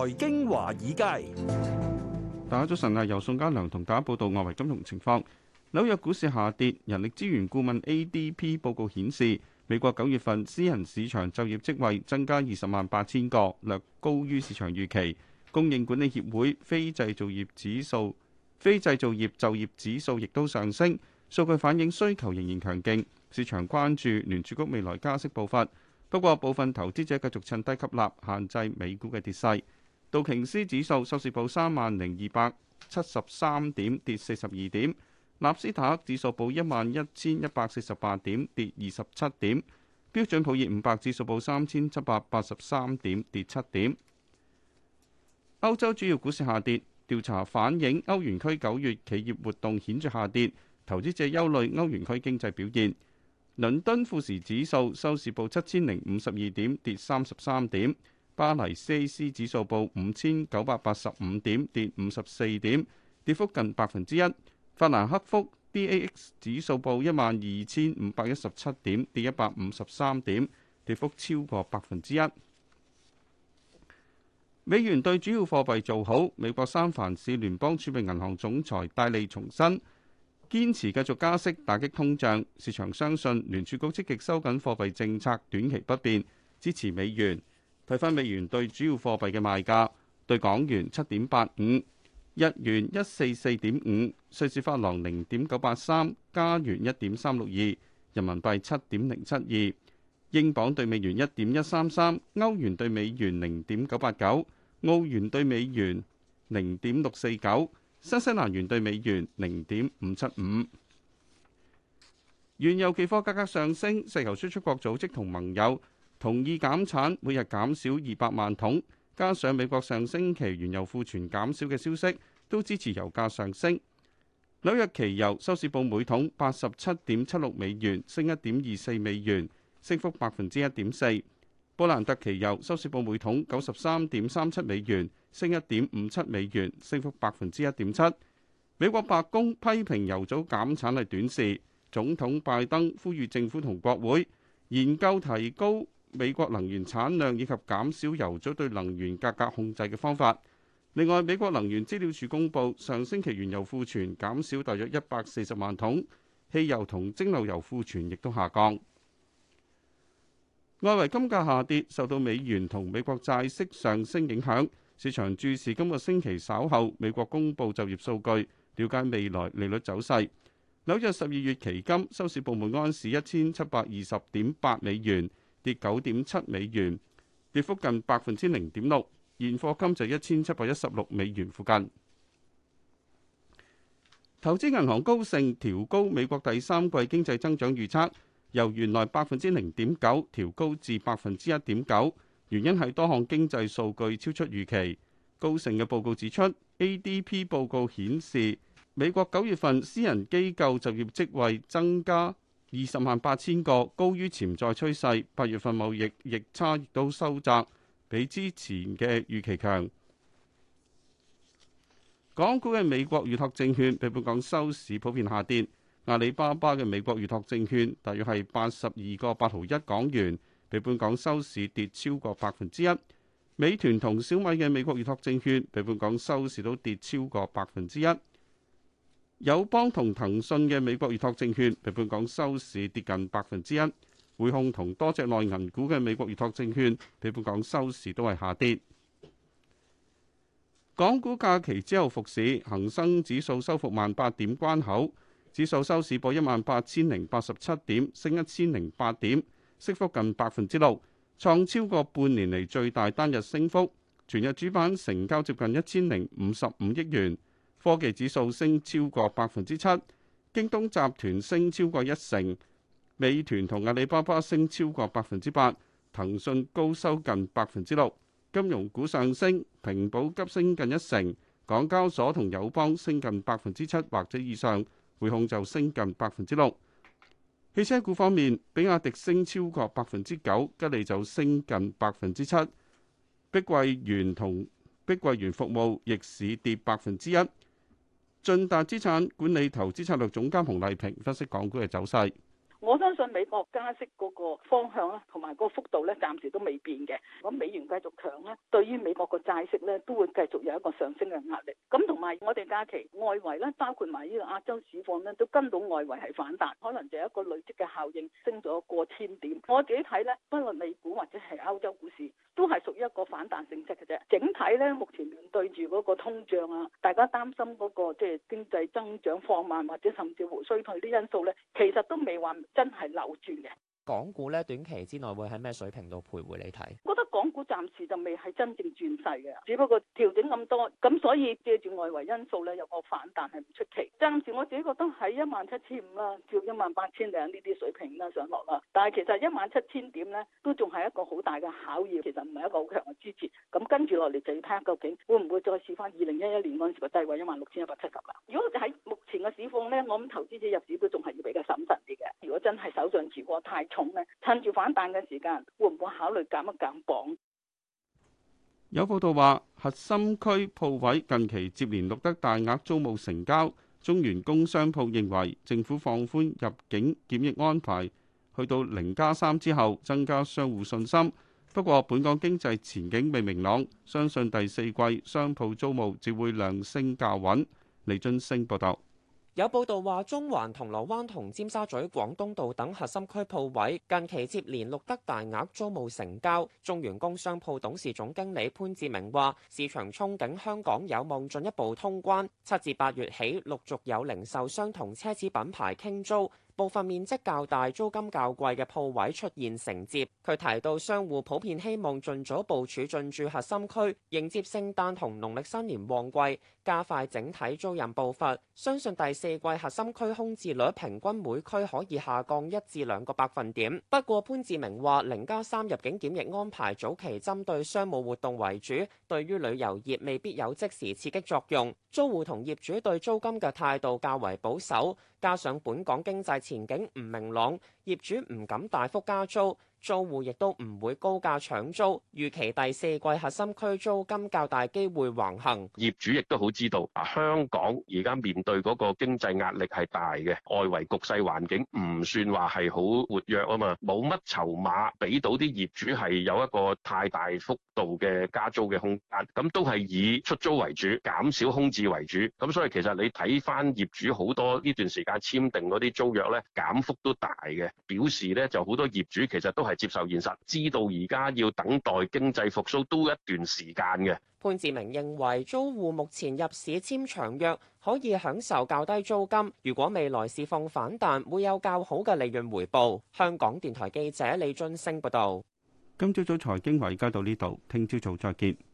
財經華爾街，大家早晨啊，由宋家良同大家報道外圍金融情況。紐約股市下跌，人力資源顧問 ADP 報告顯示，美國九月份私人市場就業職位增加二十萬八千個，略高於市場預期。供應管理協會非製造業指數、非製造業就業指數亦都上升，數據反映需求仍然強勁。市場關注聯儲局未來加息步伐，不過部分投資者繼續趁低吸納，限制美股嘅跌勢。道瓊斯指數收市報三萬零二百七十三點，跌四十二點；納斯達克指數報一萬一千一百四十八點，跌二十七點；標準普爾五百指數報三千七百八十三點，跌七點。歐洲主要股市下跌，調查反映歐元區九月企業活動顯著下跌，投資者憂慮歐元區經濟表現。倫敦富時指數收市報七千零五十二點，跌三十三點。巴黎 CAC 指數報五千九百八十五點，跌五十四點，跌幅近百分之一。法蘭克福 DAX 指數報一萬二千五百一十七點，跌一百五十三點，跌幅超過百分之一。美元對主要貨幣做好。美國三藩市聯邦儲備銀行總裁戴利重申，堅持繼續加息，打擊通脹。市場相信聯儲局積極收緊貨幣政策，短期不變，支持美元。睇返美元對主要貨幣嘅賣價，對港元七點八五，日元一四四點五，瑞士法郎零點九八三，加元一點三六二，人民幣七點零七二，英鎊對美元一點一三三，歐元對美元零點九八九，澳元對美元零點六四九，新西蘭元對美元零點五七五。原油期貨價格上升，石油輸出國組織同盟友同意減產，每日減少二百萬桶，加上美國上星期原油庫存減少嘅消息，都支持油價上升。紐約期油收市報每桶八十七點七六美元，升一點二四美元，升幅百分之一點四。布蘭特期油收市報每桶九十三點三七美元，升一點五七美元，升幅百分之一點七。美國白宮批評油組減產係短視，總統拜登呼籲政府同國會研究提高。美國能源產量以及減少油組對能源價格,格控制嘅方法。另外，美國能源資料署公布，上星期原油庫存減少大約一百四十萬桶，汽油同蒸餾油庫存亦都下降。外圍金價下跌，受到美元同美國債息上升影響。市場注視今個星期稍後美國公布就業數據，了解未來利率走勢。紐約十二月期金收市，部門安士一千七百二十點八美元。跌九點七美元，跌幅近百分之零點六。現貨金就一千七百一十六美元附近。投資銀行高盛調高美國第三季經濟增長預測，由原來百分之零點九調高至百分之一點九。原因係多項經濟數據超出預期。高盛嘅報告指出，ADP 報告顯示，美國九月份私人機構就業職位增加二十萬八千個，高於潛在趨勢。八月份貿易逆差亦都收窄，比之前嘅預期強。港股嘅美國預託證券比本港收市普遍下跌。阿里巴巴嘅美國預託證券大約係八十二個八毫一港元，比本港收市跌超過百分之一。美團同小米嘅美國預託證券比本港收市都跌超過百分之一。友邦同騰訊嘅美國預託證券，比本港收市跌近百分之一。匯控同多隻內銀股嘅美國預託證券，比本港收市都係下跌。港股假期之後復市，恒生指數收復萬八點關口，指數收市報一萬八千零八十七點，升一千零八點，升幅近百分之六，創超過半年嚟最大單日升幅。全日主板成交接近一千零五十五億元。科技指數升超過百分之七，京東集團升超過一成，美團同阿里巴巴升超過百分之八，騰訊高收近百分之六。金融股上升，平保急升近一成，港交所同友邦升近百分之七或者以上，匯控就升近百分之六。汽車股方面，比亞迪升超過百分之九，吉利就升近百分之七，碧桂園同碧桂園服務逆市跌百分之一。駿達資產管理投資策略總監洪麗萍分析港股嘅走勢。我相信美國加息嗰個方向咧，同埋嗰個幅度咧，暫時都未變嘅。咁美元繼續強咧，對於美國個債息咧，都會繼續有一個上升嘅壓力。咁同埋我哋假期外圍咧，包括埋呢個亞洲市況咧，都跟到外圍係反彈，可能就係一個累積嘅效應，升咗過千點。我自己睇咧，不論美股或者係歐洲股市，都係屬於一個反彈性質嘅啫。整體咧，目前面對住嗰個通脹啊，大家擔心嗰個即係經濟增長放慢或者甚至乎衰退啲因素咧，其實都未話，真係扭轉嘅，港股咧，短期之內會喺咩水平度徘徊你看？你睇，我覺得港股暫時就未係真正轉勢嘅，只不過調整咁多，咁所以借住外圍因素咧，有個反彈係唔出奇。暫時我自己覺得喺一萬七千五啦，照一萬八千零呢啲水平啦上落啦。但係其實一萬七千點咧都仲係一個好大嘅考驗，其實唔係一個好強嘅支持。咁跟住落嚟就要睇究竟會唔會再試翻二零一一年嗰陣時個低位一萬六千一百七十啦。如果喺目前嘅市況咧，我諗投資者入市都仲係要比真係手上負荷太重咧，趁住反彈嘅時間，會唔會考慮減一減磅？有報道話，核心區鋪位近期接連錄得大額租務成交。中原工商鋪認為，政府放寬入境檢疫安排去到零加三之後，增加商戶信心。不過，本港經濟前景未明朗，相信第四季商鋪租務只會量升價穩。李俊升報道。有報道話，中環、銅鑼灣同尖沙咀廣東道等核心區鋪位近期接連錄得大額租務成交。中原工商鋪董事總經理潘志明話：市場憧憬香港有望進一步通關，七至八月起陸續有零售商同奢侈品牌傾租。部分面積較大、租金較貴嘅鋪位出現承接。佢提到，商戶普遍希望盡早部署進駐核心區，迎接聖誕同農曆新年旺季，加快整體租賃步伐。相信第四季核心區空置率平均每區可以下降一至兩個百分點。不過潘志明話，零加三入境檢疫安排早期針對商務活動為主，對於旅遊業未必有即時刺激作用。租戶同業主對租金嘅態度較為保守，加上本港經濟前景唔明朗，業主唔敢大幅加租。租戶亦都唔會高價搶租，預期第四季核心區租金較大機會橫行。業主亦都好知道，啊香港而家面對嗰個經濟壓力係大嘅，外圍局勢環境唔算話係好活躍啊嘛，冇乜籌碼俾到啲業主係有一個太大幅度嘅加租嘅空間，咁都係以出租為主，減少空置為主。咁所以其實你睇返業主好多呢段時間簽訂嗰啲租約咧，減幅都大嘅，表示咧就好多業主其實都係。係接受現實，知道而家要等待經濟復甦都一段時間嘅。潘志明認為租戶目前入市簽長約可以享受較低租金，如果未來市況反彈，會有較好嘅利潤回報。香港電台記者李俊升報導。今朝早財經華爾街到呢度，聽朝早再見。